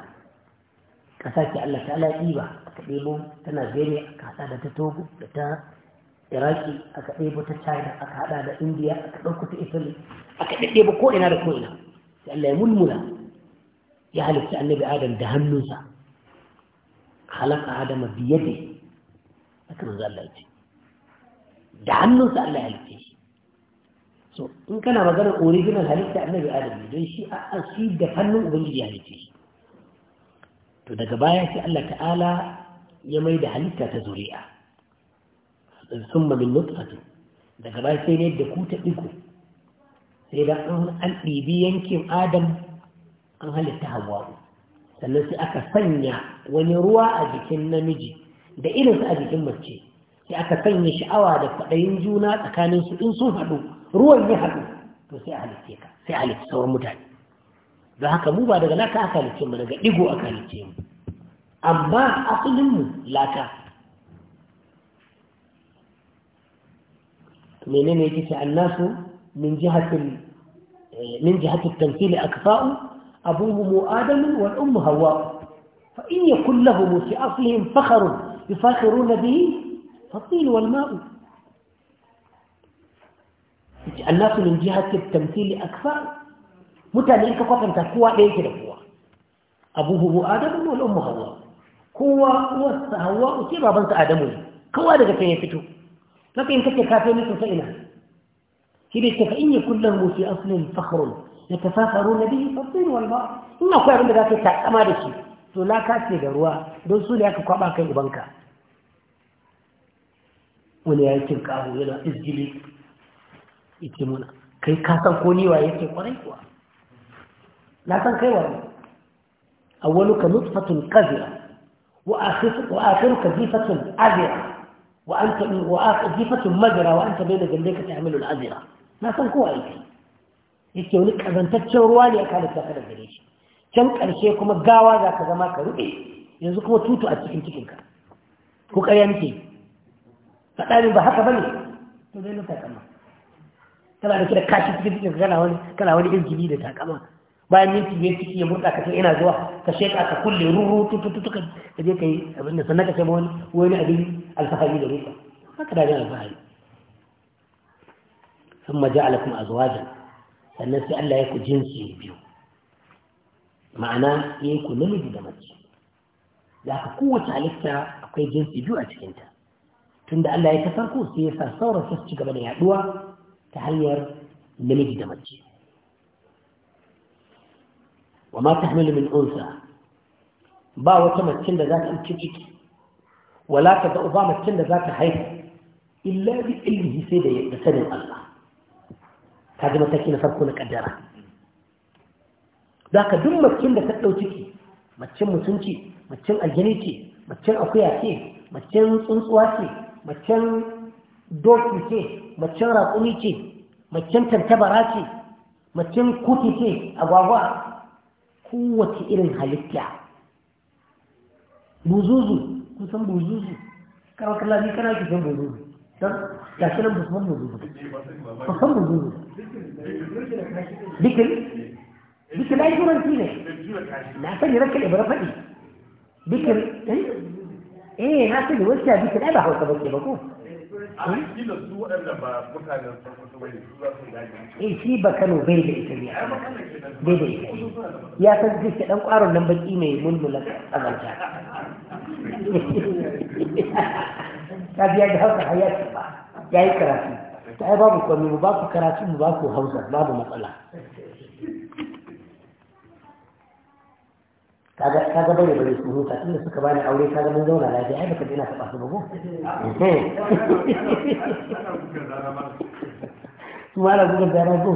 ƙasa ke Allah ta ala ɗiba aka ɗebo ta Najeriya aka haɗa da ta Togo da ta Iraki aka ɗebo ta China aka haɗa da India aka ɗauko ta Italy aka ɗebo ko ina da ko ina sai Allah ya mulmula ya halitta annabi Adam da hannunsa halaka Adam biyade aka manzo Allah ya ce da hannunsa Allah ya halitta so in kana maganar original halitta annabi adam ne don shi a asi da hannun ubangiji ya nake to daga baya sai Allah ta'ala ya mai da halitta ta zuri'a sun mamin nutfatu daga baya sai ne da ku ta ɗigo sai da an ɗibi yankin adam an halitta hawa sannan sai aka sanya wani ruwa a jikin namiji da irinsa a jikin mace sai aka sanya sha'awa da faɗayin juna tsakanin su in sun haɗu ruwan ya haɗu to sai a halitte ka sai a halitta sauran mutane don haka mu ba daga laka aka halitte mu daga ɗigo aka halitte mu amma asalin laka menene yake ce annasu min jihatin من جهة التمثيل أكفاء أبوهم آدم والأم هواء فإن يكن لهم في أصلهم فخر يفاخرون به فالطين والماء annasu min jihati tamthili akthar mutane ka kwatanta kowa ɗaya yake da kowa Abu abuhu adamu wal ummu hawa kowa uwarsa hawa ce babansa adamu ne kowa daga kan ya fito haka in kake kafe ne sosai ina shi ne kafa in yakun lahu fi aslin fakhrun yatafakaruna bihi fadl wal ba in akwai abin da zaka yi takama da shi to laka ce da ruwa don su ne aka kwaba kan ubanka wani ya yi cin kawo yana izgili yace muna kai ka san ko ni waye yake kwarai kuwa na san kai waye awwaluka nutfatun kazira, wa akhiru wa akhiruka jifatun azira wa anta wa akhiruka majra wa anta bayna jaldayka ta'malu al-azira na san ko waye yake wani kazantaccen ruwa ne aka halitta ka da gare shi can ƙarshe kuma gawa za ka zama ka ruɗe yanzu kuma tutu a cikin cikin ka. ko ƙarya nake faɗa ne ba haka ba ne dai na nufa kama tana da kira kashi cikin cikin kana wani kana wani jini da takama bayan minti biyar ciki ya murɗa ka ce ina zuwa ka sheka ka kulle ruru tututu ka je ka yi abin da sannan ka ce wani wani abin alfahari da rufa haka da jin alfahari sun maja alakum azwajan sannan sai Allah ya ku jinsi biyu ma'ana ya ku namiji da mace da aka kowace halitta akwai jinsi biyu a cikinta tunda Allah ya ta farko sai ya sa sauran su ci gaba da yaduwa ta hanyar namiji da mace wa ma tahmilu min unsa ba wata macin da za ta ɗauki ciki wala ta da ba macin da za ta haifa illa bi ilmihi sai da da sanin Allah ta ji mataki na farko na kaddara za ka duk macin da ta ɗau ciki macin mutunci macin aljini ce macin akuya ce macin tsuntsuwa ce macin doki ce macen raƙumi ce macen tantabara ce macen kuti ce agwagwa kowace irin halitta buzuzu kusan buzuzu kawai kallabi kana ki san buzuzu don ga shi nan musamman buzuzu ba san buzuzu dikil dikil ai turanci ne na sani rakka ibra faɗi dikil eh, eh na sani wasu ya dikil ai ba hausa ba ke ba ko eh shi ba kano bai da ita ne bai da ita ne, ya san zai ke dan kwaron nan baki mai mulmula tsagarta ta biya da hausa hayaki ba ya yi karatu ta ai babu kwanu ba ku karatu mu ba ku hausa babu matsala kaga kaga bane bane su huta tunda suka bani aure kaga mun zauna lafiya ai baka ji ina taɓa su babu su ma na bugan da rago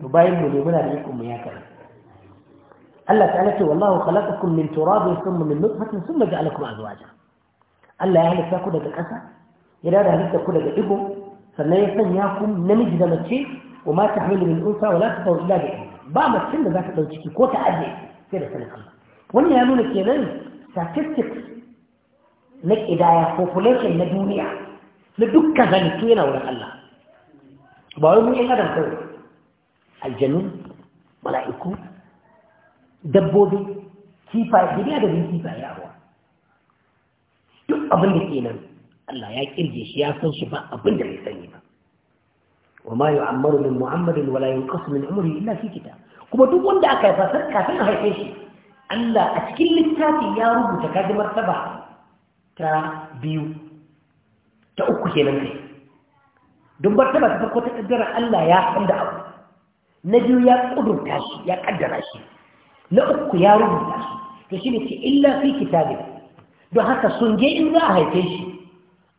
to bayan mu ne muna da ikon mu ya kara Allah ta'ala ce wallahu khalaqakum min turabin thumma min nutfatin thumma ja'alakum azwaja Allah ya halitta ku daga ƙasa ya dada halitta ku daga digo sannan ya sanya ku namiji da mace wa ma tahmilu min unsa wa la tadau illa bi ba mace da za ta dauki ko ta aje sai da sanin Allah wannan ya nuna kenan statistics na ƙidaya population na duniya na dukkan halittu yana wurin Allah ba wai mu ‘yan adam kawai aljanu mala'iku dabbobi kifaye duniya da bin kifaye a duk abin da kenan Allah ya kirge shi ya san shi ba abin da bai sani ba wa ma yu'ammaru min muhammadin wala yunqasu min umri illa fi kitab kuma duk wanda aka yi fasar kafin a haife shi Allah a cikin littafi ya rubuta kaji martaba ta biyu ta uku kenan kai don martaba ta farko ta kaddara Allah ya san da abu na biyu ya kudurta shi ya kaddara shi na uku ya rubuta shi to shi ne ce illa fi kitabe. don haka sun je in za a haife shi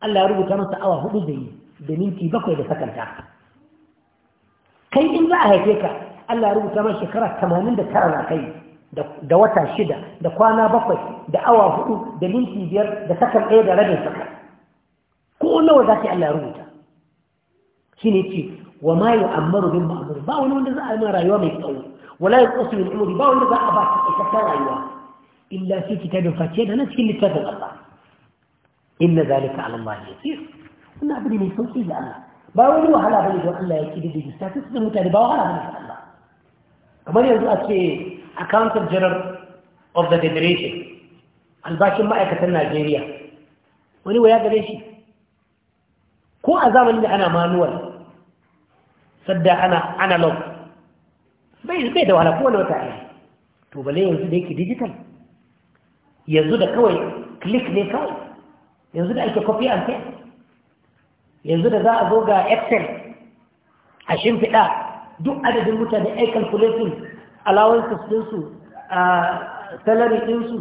Allah ya rubuta masa awa hudu da yi da minti bakwai da sakanta kai in za a haife ka Allah ya rubuta masa shekara 89 na kai da wata shida da kwana bakwai da awa hudu da minti biyar da sakan ɗaya da rabin sakan ko nawa za ki Allah ya rubuta shi ne ce wa ma yi ammaru bin ma'amur ba wani wanda za a yi rayuwa mai tsawo wala ya tsosu min umuri ba wanda za a ba ta rayuwa illa fi kitabin face da na cikin littafin Allah inna zalika ala Allah yasir wannan abu ne mai sauki ga Allah ba wani wahala bane don Allah ya kidi da status din mutane ba wahala bane ga Allah kamar yanzu a ce accountant general of the federation albashin ma'aikatan najeriya wani waya gare shi ko a zamanin da ana manual sadda ana analog bai da wahala wani wata ne to bale yanzu da yake digital yanzu da kawai click ne kawai yanzu da ake copy and paste yanzu da za a zo ga excel a shimfiɗa duk adadin mutane ai calculating allowances ɗinsu a salari ɗinsu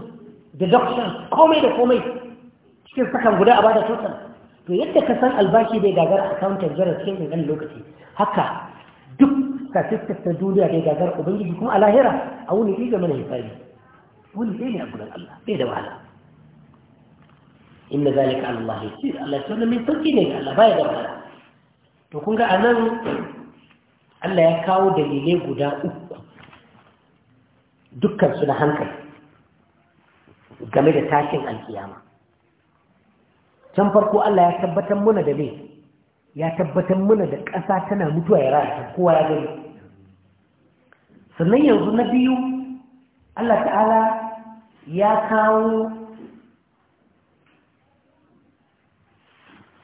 deductions komai da komai cikin sakan guda a bada total to yadda ka san albashi bai gagar accountant jara cikin ɗan lokaci haka duk statistics ta duniya bai gagar ubangiji kuma a lahira a wuni ɗiga mana hisabi wani ɗaya ne a gudan Allah bai da wahala inna zalika Allah ya ce Allah ya ce wannan mai ne ga Allah baya da wahala to kun ga anan Allah ya kawo dalilai guda uku Dukkansu na hankali game da tashin alkiyama can farko Allah ya tabbatar muna da me ya tabbatar muna da ƙasa tana mutuwa ya rasa kowa ya gani sannan yanzu na biyu Allah ta'ala ya kawo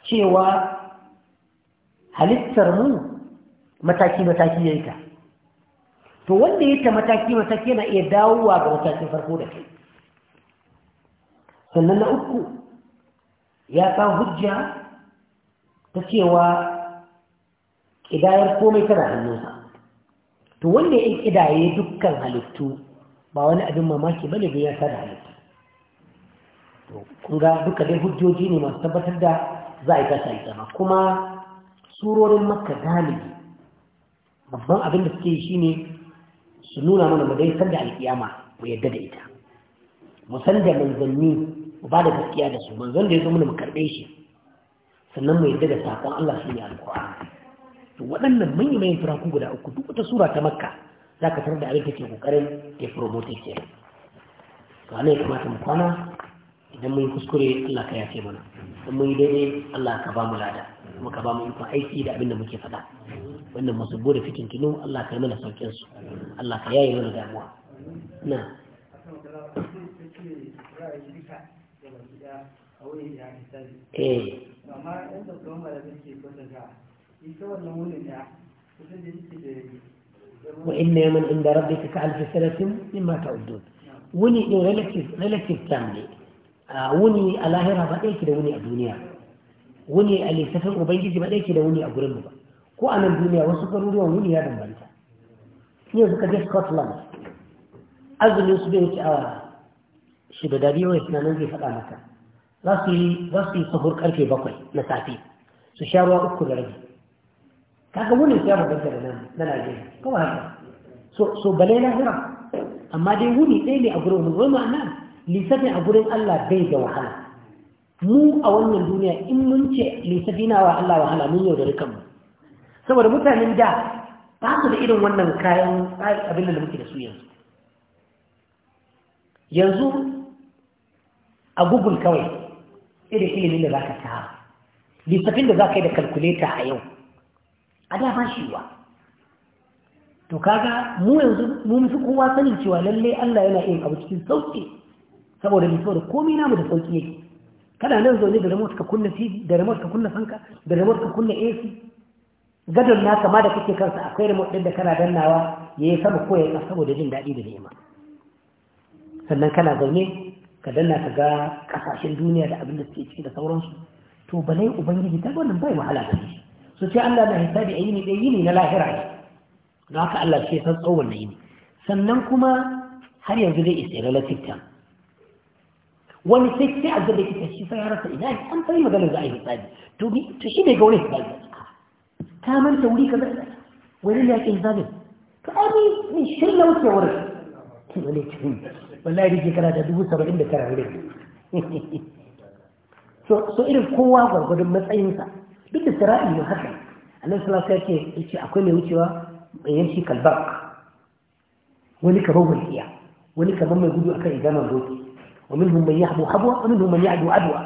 cewa halittar mu mataki-mataki ya yi ta to wanda ya ta mataki mataki yana iya dawowa ga matakin farko da kai sannan na uku ya kawo hujja ta cewa ƙidayar komai tana hannunsa to wanda ya ƙidaye dukkan halittu ba wani abin mamaki ne da ya sada halittu to kunga duka dai hujjoji ne masu tabbatar da za a yi kasa yi zama kuma surorin makka galibi babban abin da suke yi shine su nuna mana mu dai san da alkiyama mu yadda da ita mu san da manzanni mu ba da gaskiya da su manzon da ya zo mana mu karɓe shi sannan mu yadda da saƙon Allah shi ne alƙur'ani to waɗannan manyan manyan turaku guda uku duk wata sura ta makka za ka tarar da abin take ƙoƙarin ya promote ce to ana ya kamata mu kwana idan mun kuskure Allah ka yafe mana idan mun yi daidai Allah ka ba mu lada kuma ka ba mu ikon aiki da abin da muke faɗa wannan masu bude fikin kinu Allah ka yi mana saukin su Allah ka yaye mana damuwa na eh amma ah, yan da kuma da suke kwatanta ita wannan wurin ya kusan da yake da وإن يوما عند ربك كألف سنة مما تعدون وني ريلاتيف ريلاتيف تاملي وني الاهرة بدل كده وني الدنيا wuni a littafin ubangiji ba ɗaya da wuni a gurin ba ko a nan duniya wasu garuruwan wuni ya bambanta ne suka je scotland azumin su bai wuce awa shida da biyu suna nan zai faɗa maka za su yi za su yi sahur karfe bakwai na safe su sha ruwa uku da rabi kaga wuni ya bambanta da nan na najeriya kawai haka so so balai lahira amma dai wuni ɗaya ne a gurin wani ma'ana lissafin a gurin allah bai da wahala mu a wannan duniya in mun ce lissafi wa Allah wahala mun yau da rikanmu saboda mutanen da ba su da irin wannan kayan abin da muke da su yanzu yanzu a google kawai irin ilimin da za ka ta lissafin da za ka yi da kalkuleta a yau a dama wa to kaga mu yanzu mun fi kowa sanin cewa lalle Allah yana yin abu cikin sauƙi, saboda mu saboda komai namu da sauƙi yake kana nan zaune da remote ka kunna TV da remote ka kunna fanka da remote ka kunna AC gadon na kama da kake kansa akwai remote din da kana dannawa yayi sama ko yayi saboda jin dadi da ni'ima sannan kana zaune ka danna ka ga kasashen duniya da abin da suke ciki da sauransu to balai ubangiji ta wannan bai wahala da shi su ce Allah na hisabi a yini ɗaya yini na lahira ne don haka Allah ce san tsawon na yini sannan kuma har yanzu zai isa relative time wani sai sai a zai kika shi sai ya rasa ina ne an fari maganar za a yi hisabi to ni to shi ne ga wani hisabi Ta manta wuri da wani ya ke hisabin to a ni shirya wuce wurin ki wani cikin wallahi da kana da dubu saba'in da tara wuri so irin kowa gwargwadon matsayinsa duk da sira'i ne haka annabi sallallahu alaihi wasallam ya ce akwai mai wucewa mai yanci kalbar wani kamar wani kamar mai gudu akan igamar doki ومنهم من يحبو حبوة ومنهم من يعدو عدوى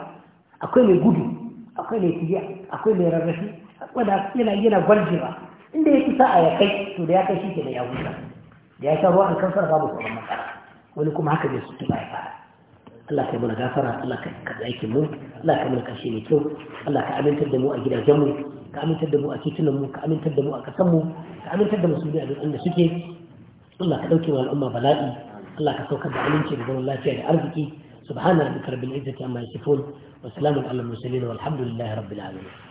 akwai mai gudu akwai mai tiya akwai mai rarrafi wanda yana yana gwaljira da ya fi sa'a ya kai to da ya kai shi ke da ya wuta da ya sha ruwa an kansar babu tsoron matsala wani kuma haka zai su baya fara Allah ka yi mana gafara Allah ka karɓi aikin mu Allah ka mana kashe mai kyau Allah ka amintar da mu a gidajenmu ka amintar da mu a titunanmu ka amintar da mu a ƙasanmu ka amintar da a suke Allah ka ɗauke wa al'umma bala'i Allah ka saukar da aminci da zaman lafiya da arziki subhana rabbika rabbil izzati amma yasifun wa salamun alal mursalin walhamdulillahi rabbil alamin